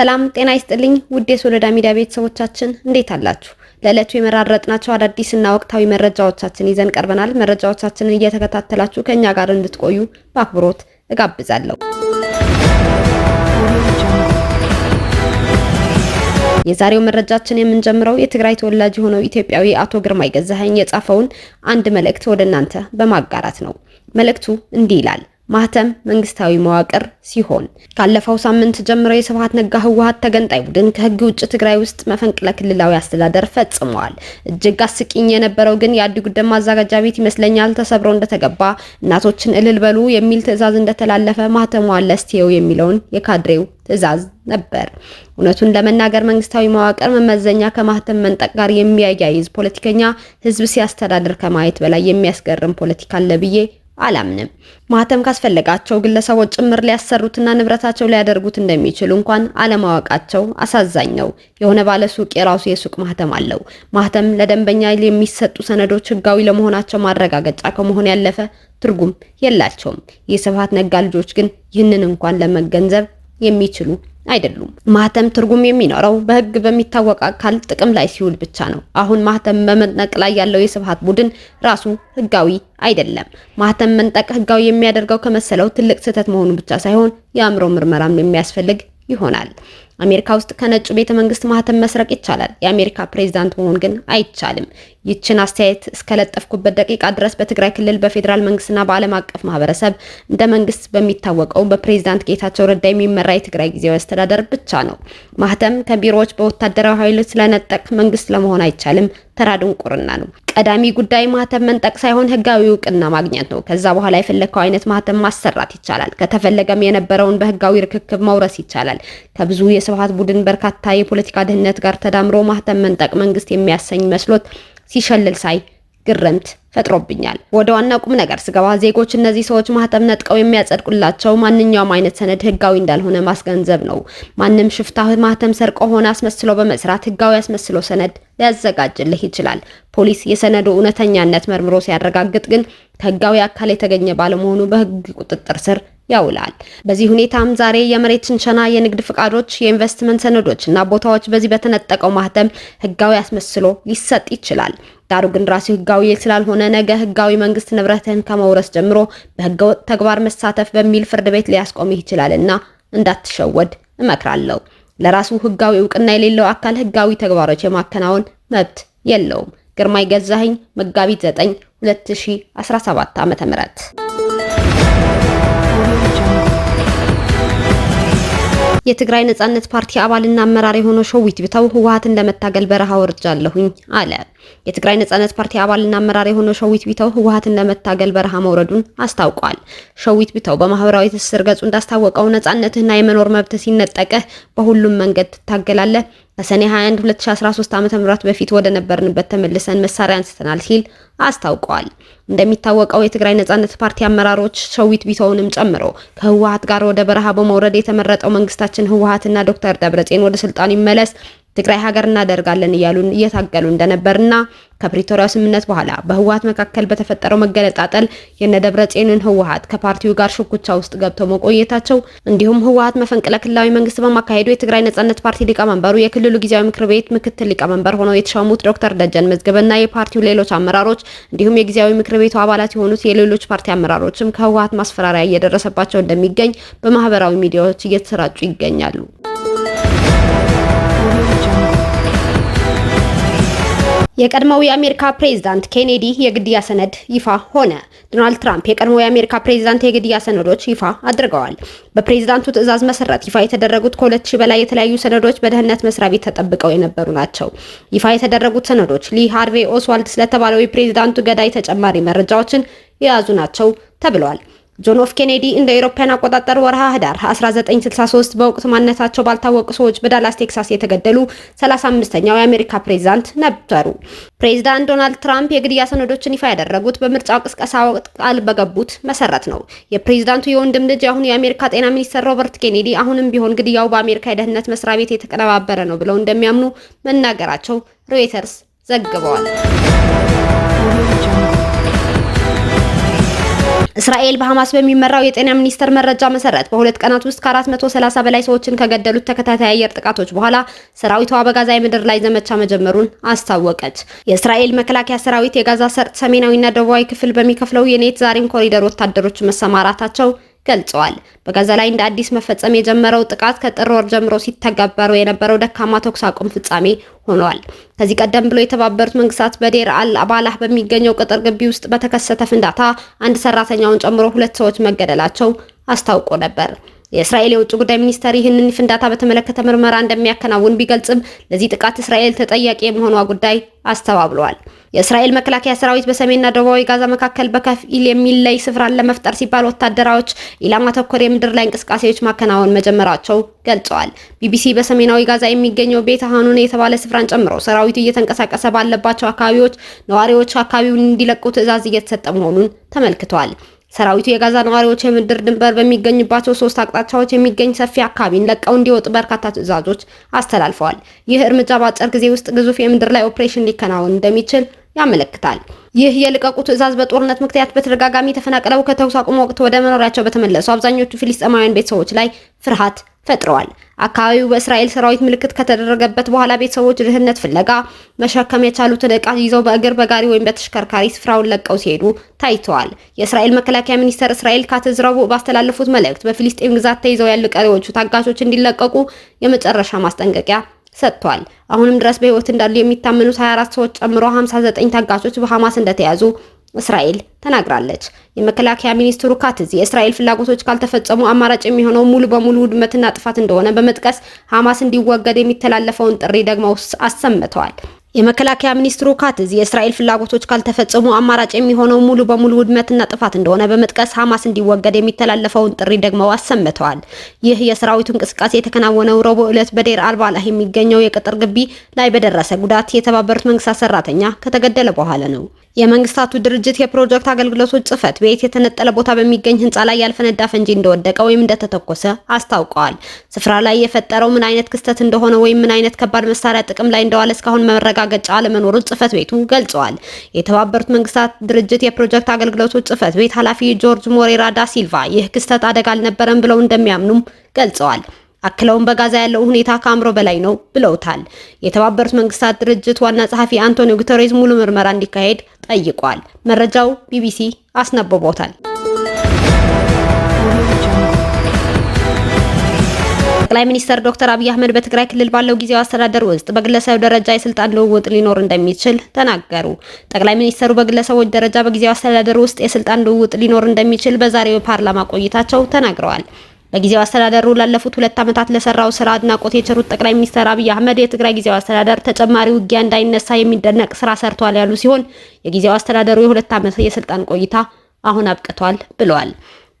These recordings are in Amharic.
ሰላም ጤና ይስጥልኝ ውድ የሶለዳ ሚዲያ ቤተሰቦቻችን እንዴት አላችሁ? ለዕለቱ የመራረጥናቸው እና ወቅታዊ መረጃዎቻችን ይዘን ቀርበናል። መረጃዎቻችንን እየተከታተላችሁ ከእኛ ጋር እንድትቆዩ በአክብሮት እጋብዛለሁ። የዛሬው መረጃችን የምንጀምረው የትግራይ ተወላጅ የሆነው ኢትዮጵያዊ አቶ ግርማይ ገዛኸኝ የጻፈውን አንድ መልእክት ወደ እናንተ በማጋራት ነው። መልእክቱ እንዲህ ይላል። ማህተም መንግስታዊ መዋቅር ሲሆን ካለፈው ሳምንት ጀምሮ የስብሀት ነጋ ህወሀት ተገንጣይ ቡድን ከህግ ውጭ ትግራይ ውስጥ መፈንቅለ ክልላዊ አስተዳደር ፈጽመዋል። እጅግ አስቂኝ የነበረው ግን የአዲ ጉደ ማዘጋጃ ቤት ይመስለኛል ተሰብሮ እንደተገባ እናቶችን እልል በሉ የሚል ትዕዛዝ እንደተላለፈ ማህተሟ ለስቴው የሚለውን የካድሬው ትዕዛዝ ነበር። እውነቱን ለመናገር መንግስታዊ መዋቅር መመዘኛ ከማህተም መንጠቅ ጋር የሚያያይዝ ፖለቲከኛ ህዝብ ሲያስተዳድር ከማየት በላይ የሚያስገርም ፖለቲካ አለ ብዬ አላምንም። ማህተም ካስፈለጋቸው ግለሰቦች ጭምር ሊያሰሩትና ንብረታቸው ሊያደርጉት እንደሚችሉ እንኳን አለማወቃቸው አሳዛኝ ነው። የሆነ ባለሱቅ የራሱ የሱቅ ማህተም አለው። ማህተም ለደንበኛ የሚሰጡ ሰነዶች ህጋዊ ለመሆናቸው ማረጋገጫ ከመሆን ያለፈ ትርጉም የላቸውም። የስብሐት ነጋ ልጆች ግን ይህንን እንኳን ለመገንዘብ የሚችሉ አይደሉም። ማህተም ትርጉም የሚኖረው በህግ በሚታወቅ አካል ጥቅም ላይ ሲውል ብቻ ነው። አሁን ማህተም በመንጠቅ ላይ ያለው የስብሀት ቡድን ራሱ ህጋዊ አይደለም። ማህተም መንጠቅ ህጋዊ የሚያደርገው ከመሰለው ትልቅ ስህተት መሆኑ ብቻ ሳይሆን የአእምሮ ምርመራም የሚያስፈልግ ይሆናል። አሜሪካ ውስጥ ከነጩ ቤተ መንግስት ማህተም መስረቅ ይቻላል፣ የአሜሪካ ፕሬዚዳንት መሆን ግን አይቻልም። ይችን አስተያየት እስከለጠፍኩበት ደቂቃ ድረስ በትግራይ ክልል በፌዴራል መንግስትና በዓለም አቀፍ ማህበረሰብ እንደ መንግስት በሚታወቀው በፕሬዚዳንት ጌታቸው ረዳ የሚመራ የትግራይ ጊዜያዊ አስተዳደር ብቻ ነው። ማህተም ከቢሮዎች በወታደራዊ ኃይሎች ስለነጠቅ መንግስት ለመሆን አይቻልም ተራ ድንቁርና ነው። ቀዳሚ ጉዳይ ማህተም መንጠቅ ሳይሆን ህጋዊ እውቅና ማግኘት ነው። ከዛ በኋላ የፈለግከው አይነት ማህተም ማሰራት ይቻላል። ከተፈለገም የነበረውን በህጋዊ ርክክብ መውረስ ይቻላል። ከብዙ የስብሀት ቡድን በርካታ የፖለቲካ ድህነት ጋር ተዳምሮ ማህተም መንጠቅ መንግስት የሚያሰኝ መስሎት ሲሸልል ሳይ ግርምት ፈጥሮብኛል። ወደ ዋና ቁም ነገር ስገባ ዜጎች እነዚህ ሰዎች ማህተም ነጥቀው የሚያጸድቁላቸው ማንኛውም አይነት ሰነድ ህጋዊ እንዳልሆነ ማስገንዘብ ነው። ማንም ሽፍታ ማህተም ሰርቆ ሆነ አስመስሎ በመስራት ህጋዊ አስመስሎ ሰነድ ሊያዘጋጅልህ ይችላል። ፖሊስ የሰነዱ እውነተኛነት መርምሮ ሲያረጋግጥ ግን ከህጋዊ አካል የተገኘ ባለመሆኑ በህግ ቁጥጥር ስር ያውላል። በዚህ ሁኔታም ዛሬ የመሬት ሽንሸና፣ የንግድ ፍቃዶች፣ የኢንቨስትመንት ሰነዶች እና ቦታዎች በዚህ በተነጠቀው ማህተም ህጋዊ አስመስሎ ሊሰጥ ይችላል። ዳሩ ግን ራሱ ህጋዊ ስላልሆነ ነገ ህጋዊ መንግስት ንብረትህን ከመውረስ ጀምሮ በህገወጥ ተግባር መሳተፍ በሚል ፍርድ ቤት ሊያስቆምህ ይችላልና እንዳትሸወድ እመክራለሁ። ለራሱ ህጋዊ እውቅና የሌለው አካል ህጋዊ ተግባሮች የማከናወን መብት የለውም። ግርማይ ገዛኸኝ መጋቢት 9 2017 .ም የትግራይ ነጻነት ፓርቲ አባልና አመራር የሆነው ሸዊት ቢታው ህወሓትን ለመታገል በረሃ ወርጃለሁኝ አለ። የትግራይ ነጻነት ፓርቲ አባልና አመራር የሆነው ሸዊት ቢታው ህወሓትን ለመታገል በረሃ መውረዱን አስታውቋል። ሸዊት ቢታው በማህበራዊ ትስስር ገጹ እንዳስታወቀው ነጻነትህና የመኖር መብት ሲነጠቅህ በሁሉም መንገድ ትታገላለህ ከሰኔ 21 2013 ዓ.ም በፊት ወደ ነበርንበት ተመልሰን መሳሪያ አንስተናል ሲል አስታውቀዋል። እንደሚታወቀው የትግራይ ነጻነት ፓርቲ አመራሮች ሸዊት ቢተውንም ጨምሮ ከህወሀት ጋር ወደ በረሃ በመውረድ የተመረጠው መንግስታችን ህወሀትና ዶክተር ደብረጽዮን ወደ ስልጣን ይመለስ ትግራይ ሀገር እናደርጋለን እያሉን እየታገሉ እንደነበርና ከፕሪቶሪያው ስምምነት በኋላ በህወሀት መካከል በተፈጠረው መገነጣጠል የነደብረ ጽዮንን ህወሀት ከፓርቲው ጋር ሽኩቻ ውስጥ ገብተው መቆየታቸው እንዲሁም ህወሀት መፈንቅለ ክልላዊ መንግስት በማካሄዱ የትግራይ ነጻነት ፓርቲ ሊቀመንበሩ የክልሉ ጊዜያዊ ምክር ቤት ምክትል ሊቀመንበር ሆነው የተሾሙት ዶክተር ደጀን መዝገበና የፓርቲው ሌሎች አመራሮች እንዲሁም የጊዜያዊ ምክር ቤቱ አባላት የሆኑት የሌሎች ፓርቲ አመራሮችም ከህወሀት ማስፈራሪያ እየደረሰባቸው እንደሚገኝ በማህበራዊ ሚዲያዎች እየተሰራጩ ይገኛሉ። የቀድሞው የአሜሪካ ፕሬዝዳንት ኬኔዲ የግድያ ሰነድ ይፋ ሆነ። ዶናልድ ትራምፕ የቀድሞው የአሜሪካ ፕሬዝዳንት የግድያ ሰነዶች ይፋ አድርገዋል። በፕሬዝዳንቱ ትዕዛዝ መሰረት ይፋ የተደረጉት ከ2000 በላይ የተለያዩ ሰነዶች በደህንነት መስሪያ ቤት ተጠብቀው የነበሩ ናቸው። ይፋ የተደረጉት ሰነዶች ሊ ሃርቬ ኦስዋልድ ስለተባለው የፕሬዝዳንቱ ገዳይ ተጨማሪ መረጃዎችን የያዙ ናቸው ተብሏል። ጆን ኦፍ ኬኔዲ እንደ አውሮፓውያን አቆጣጠር ወርሃ ህዳር 1963 በወቅቱ ማንነታቸው ባልታወቁ ሰዎች በዳላስ ቴክሳስ የተገደሉ 35ኛው የአሜሪካ ፕሬዝዳንት ነበሩ። ፕሬዝዳንት ዶናልድ ትራምፕ የግድያ ሰነዶችን ይፋ ያደረጉት በምርጫው ቅስቀሳ ወቅት ቃል በገቡት መሰረት ነው። የፕሬዝዳንቱ የወንድም ልጅ አሁን የአሜሪካ ጤና ሚኒስትር ሮበርት ኬኔዲ አሁንም ቢሆን ግድያው በአሜሪካ የደህንነት መስሪያ ቤት የተቀነባበረ ነው ብለው እንደሚያምኑ መናገራቸው ሮይተርስ ዘግበዋል። እስራኤል በሐማስ በሚመራው የጤና ሚኒስቴር መረጃ መሰረት በሁለት ቀናት ውስጥ መቶ 430 በላይ ሰዎችን ከገደሉት ተከታታይ አየር ጥቃቶች በኋላ ሰራዊቷ በጋዛ የምድር ላይ ዘመቻ መጀመሩን አስታወቀች። የእስራኤል መከላከያ ሰራዊት የጋዛ ሰርጥ ሰሜናዊና ደቡባዊ ክፍል በሚከፍለው የኔትዛሪም ኮሪደር ወታደሮች መሰማራታቸው ገልጸዋል። በጋዛ ላይ እንደ አዲስ መፈጸም የጀመረው ጥቃት ከጥር ወር ጀምሮ ሲተጋበሩ የነበረው ደካማ ተኩስ አቁም ፍጻሜ ሆኗል። ከዚህ ቀደም ብሎ የተባበሩት መንግስታት በዴር አል አባላህ በሚገኘው ቅጥር ግቢ ውስጥ በተከሰተ ፍንዳታ አንድ ሰራተኛውን ጨምሮ ሁለት ሰዎች መገደላቸው አስታውቆ ነበር። የእስራኤል የውጭ ጉዳይ ሚኒስቴር ይህንን ፍንዳታ በተመለከተ ምርመራ እንደሚያከናውን ቢገልጽም ለዚህ ጥቃት እስራኤል ተጠያቂ የመሆኗ ጉዳይ አስተባብሏል። የእስራኤል መከላከያ ሰራዊት በሰሜንና ደቡባዊ ጋዛ መካከል በከፊል የሚለይ ስፍራን ለመፍጠር ሲባል ወታደራዎች ኢላማ ተኮር የምድር ላይ እንቅስቃሴዎች ማከናወን መጀመራቸው ገልጸዋል። ቢቢሲ በሰሜናዊ ጋዛ የሚገኘው ቤተ ሐኑን የተባለ ስፍራን ጨምሮ ሰራዊቱ እየተንቀሳቀሰ ባለባቸው አካባቢዎች ነዋሪዎች አካባቢውን እንዲለቁ ትዕዛዝ እየተሰጠ መሆኑን ተመልክቷል። ሰራዊቱ የጋዛ ነዋሪዎች የምድር ድንበር በሚገኝባቸው ሶስት አቅጣጫዎች የሚገኝ ሰፊ አካባቢን ለቀው እንዲወጡ በርካታ ትዕዛዞች አስተላልፈዋል። ይህ እርምጃ በአጭር ጊዜ ውስጥ ግዙፍ የምድር ላይ ኦፕሬሽን ሊከናወን እንደሚችል ያመለክታል። ይህ የልቀቁ ትዕዛዝ በጦርነት ምክንያት በተደጋጋሚ ተፈናቅለው ከተኩስ አቁም ወቅት ወደ መኖሪያቸው በተመለሱ አብዛኞቹ ፊልስጤማውያን ቤተሰቦች ላይ ፍርሃት ፈጥረዋል። አካባቢው በእስራኤል ሰራዊት ምልክት ከተደረገበት በኋላ ቤተሰቦች ድህነት ፍለጋ መሸከም የቻሉትን ዕቃ ይዘው በእግር በጋሪ ወይም በተሽከርካሪ ስፍራውን ለቀው ሲሄዱ ታይተዋል። የእስራኤል መከላከያ ሚኒስተር እስራኤል ካትዝ ረቡዕ ባስተላለፉት መልእክት በፊሊስጤም ግዛት ተይዘው ያሉ ቀሪዎቹ ታጋቾች እንዲለቀቁ የመጨረሻ ማስጠንቀቂያ ሰጥቷል። አሁንም ድረስ በህይወት እንዳሉ የሚታመኑት 24 ሰዎች ጨምሮ 59 ታጋቾች በሐማስ እንደተያዙ እስራኤል ተናግራለች። የመከላከያ ሚኒስትሩ ካትዝ የእስራኤል ፍላጎቶች ካልተፈጸሙ አማራጭ የሚሆነው ሙሉ በሙሉ ውድመትና ጥፋት እንደሆነ በመጥቀስ ሐማስ እንዲወገድ የሚተላለፈውን ጥሪ ደግሞ አሰምተዋል። የመከላከያ ሚኒስትሩ ካትዝ የእስራኤል ፍላጎቶች ካልተፈጸሙ አማራጭ የሚሆነው ሙሉ በሙሉ ውድመትና ጥፋት እንደሆነ በመጥቀስ ሐማስ እንዲወገድ የሚተላለፈውን ጥሪ ደግሞ አሰምተዋል። ይህ የሰራዊቱ እንቅስቃሴ የተከናወነው ረቡዕ ዕለት በዴር አልባላ የሚገኘው የቅጥር ግቢ ላይ በደረሰ ጉዳት የተባበሩት መንግስታት ሰራተኛ ከተገደለ በኋላ ነው። የመንግስታቱ ድርጅት የፕሮጀክት አገልግሎቶች ጽህፈት ቤት የተነጠለ ቦታ በሚገኝ ህንፃ ላይ ያልፈነዳ ፈንጂ እንደወደቀ ወይም እንደተተኮሰ አስታውቀዋል። ስፍራ ላይ የፈጠረው ምን አይነት ክስተት እንደሆነ ወይም ምን አይነት ከባድ መሳሪያ ጥቅም ላይ እንደዋለ እስካሁን መረጋገጫ አለመኖሩን ጽህፈት ቤቱ ገልጸዋል። የተባበሩት መንግስታት ድርጅት የፕሮጀክት አገልግሎቶች ጽህፈት ቤት ኃላፊ ጆርጅ ሞሬራ ዳ ሲልቫ ይህ ክስተት አደጋ አልነበረም ብለው እንደሚያምኑም ገልጸዋል። አክለውም በጋዛ ያለው ሁኔታ ከአእምሮ በላይ ነው ብለውታል። የተባበሩት መንግስታት ድርጅት ዋና ጸሐፊ አንቶኒዮ ጉተሬዝ ሙሉ ምርመራ እንዲካሄድ ጠይቋል። መረጃው ቢቢሲ አስነብቦታል። ጠቅላይ ሚኒስትር ዶክተር አብይ አህመድ በትግራይ ክልል ባለው ጊዜያዊ አስተዳደር ውስጥ በግለሰብ ደረጃ የስልጣን ልውውጥ ሊኖር እንደሚችል ተናገሩ። ጠቅላይ ሚኒስትሩ በግለሰቦች ደረጃ በጊዜያዊ አስተዳደር ውስጥ የስልጣን ልውውጥ ሊኖር እንደሚችል በዛሬው የፓርላማ ቆይታቸው ተናግረዋል። በጊዜው አስተዳደሩ ላለፉት ሁለት ዓመታት ለሰራው ስራ አድናቆት የቸሩት ጠቅላይ ሚኒስትር አብይ አህመድ የትግራይ ጊዜው አስተዳደር ተጨማሪ ውጊያ እንዳይነሳ የሚደነቅ ስራ ሰርቷል ያሉ ሲሆን የጊዜው አስተዳደሩ የሁለት ዓመት የስልጣን ቆይታ አሁን አብቅቷል ብለዋል።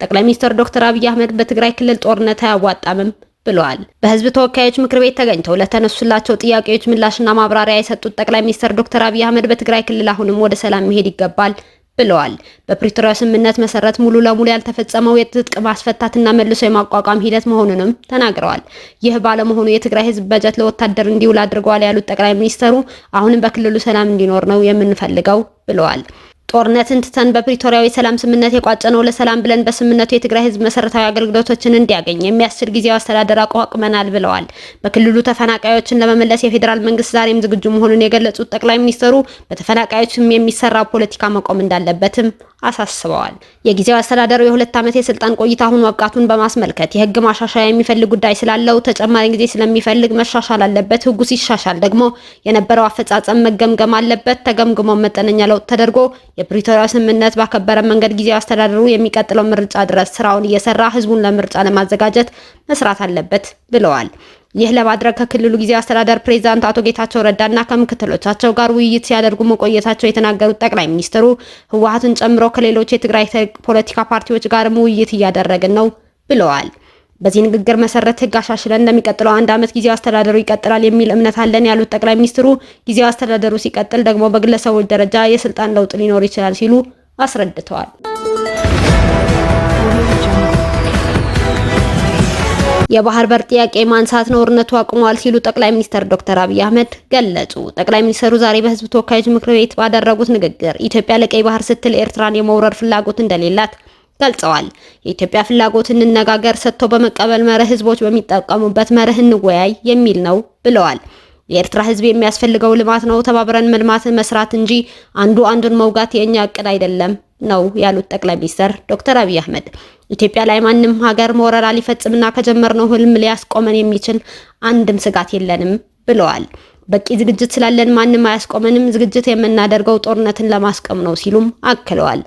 ጠቅላይ ሚኒስትር ዶክተር አብይ አህመድ በትግራይ ክልል ጦርነት አያዋጣምም ብለዋል። በህዝብ ተወካዮች ምክር ቤት ተገኝተው ለተነሱላቸው ጥያቄዎች ምላሽና ማብራሪያ የሰጡት ጠቅላይ ሚኒስትር ዶክተር አብይ አህመድ በትግራይ ክልል አሁንም ወደ ሰላም መሄድ ይገባል ብለዋል። በፕሪቶሪያ ስምምነት መሰረት ሙሉ ለሙሉ ያልተፈጸመው የትጥቅ ማስፈታትና መልሶ የማቋቋም ሂደት መሆኑንም ተናግረዋል። ይህ ባለመሆኑ የትግራይ ህዝብ በጀት ለወታደር እንዲውል አድርገዋል ያሉት ጠቅላይ ሚኒስተሩ አሁንም በክልሉ ሰላም እንዲኖር ነው የምንፈልገው ብለዋል። ጦርነትን ትተን በፕሪቶሪያው የሰላም ስምምነት የቋጨነው ለሰላም ብለን በስምምነቱ የትግራይ ህዝብ መሰረታዊ አገልግሎቶችን እንዲያገኝ የሚያስችል ጊዜያዊ አስተዳደር አቋቁመናል ብለዋል። በክልሉ ተፈናቃዮችን ለመመለስ የፌዴራል መንግስት ዛሬም ዝግጁ መሆኑን የገለጹት ጠቅላይ ሚኒስትሩ በተፈናቃዮችም የሚሰራ ፖለቲካ መቆም እንዳለበትም አሳስበዋል። የጊዜያዊ አስተዳደሩ የሁለት ዓመት የስልጣን ቆይታ አሁን መብቃቱን በማስመልከት የህግ ማሻሻያ የሚፈልግ ጉዳይ ስላለው ተጨማሪ ጊዜ ስለሚፈልግ መሻሻል አለበት። ህጉ ሲሻሻል ደግሞ የነበረው አፈጻጸም መገምገም አለበት። ተገምግሞ መጠነኛ ለውጥ ተደርጎ የፕሪቶሪያ ስምምነት ባከበረ መንገድ ጊዜ አስተዳደሩ የሚቀጥለው ምርጫ ድረስ ስራውን እየሰራ ህዝቡን ለምርጫ ለማዘጋጀት መስራት አለበት ብለዋል። ይህ ለማድረግ ከክልሉ ጊዜ አስተዳደር ፕሬዚዳንት አቶ ጌታቸው ረዳና ከምክትሎቻቸው ጋር ውይይት ሲያደርጉ መቆየታቸው የተናገሩት ጠቅላይ ሚኒስትሩ ህወሀትን ጨምሮ ከሌሎች የትግራይ ፖለቲካ ፓርቲዎች ጋርም ውይይት እያደረግን ነው ብለዋል። በዚህ ንግግር መሰረት ህግ አሻሽለን እንደሚቀጥለው አንድ ዓመት ጊዜው አስተዳደሩ ይቀጥላል የሚል እምነት አለን ያሉት ጠቅላይ ሚኒስትሩ ጊዜው አስተዳደሩ ሲቀጥል ደግሞ በግለሰቦች ደረጃ የስልጣን ለውጥ ሊኖር ይችላል ሲሉ አስረድተዋል። የባህር በር ጥያቄ ማንሳት ነውርነቱ አቁሟል ሲሉ ጠቅላይ ሚኒስትር ዶክተር አብይ አህመድ ገለጹ። ጠቅላይ ሚኒስትሩ ዛሬ በህዝብ ተወካዮች ምክር ቤት ባደረጉት ንግግር ኢትዮጵያ ለቀይ ባህር ስትል ኤርትራን የመውረር ፍላጎት እንደሌላት ገልጸዋል። የኢትዮጵያ ፍላጎት እንነጋገር፣ ሰጥቶ በመቀበል መርህ ህዝቦች በሚጠቀሙበት መርህ እንወያይ የሚል ነው ብለዋል። የኤርትራ ህዝብ የሚያስፈልገው ልማት ነው። ተባብረን መልማትን መስራት እንጂ አንዱ አንዱን መውጋት የእኛ እቅድ አይደለም ነው ያሉት ጠቅላይ ሚኒስትር ዶክተር አብይ አህመድ ኢትዮጵያ ላይ ማንም ሀገር ወረራ ሊፈጽምና ከጀመርነው ህልም ሊያስቆመን የሚችል አንድም ስጋት የለንም ብለዋል። በቂ ዝግጅት ስላለን ማንም አያስቆመንም። ዝግጅት የምናደርገው ጦርነትን ለማስቆም ነው ሲሉም አክለዋል።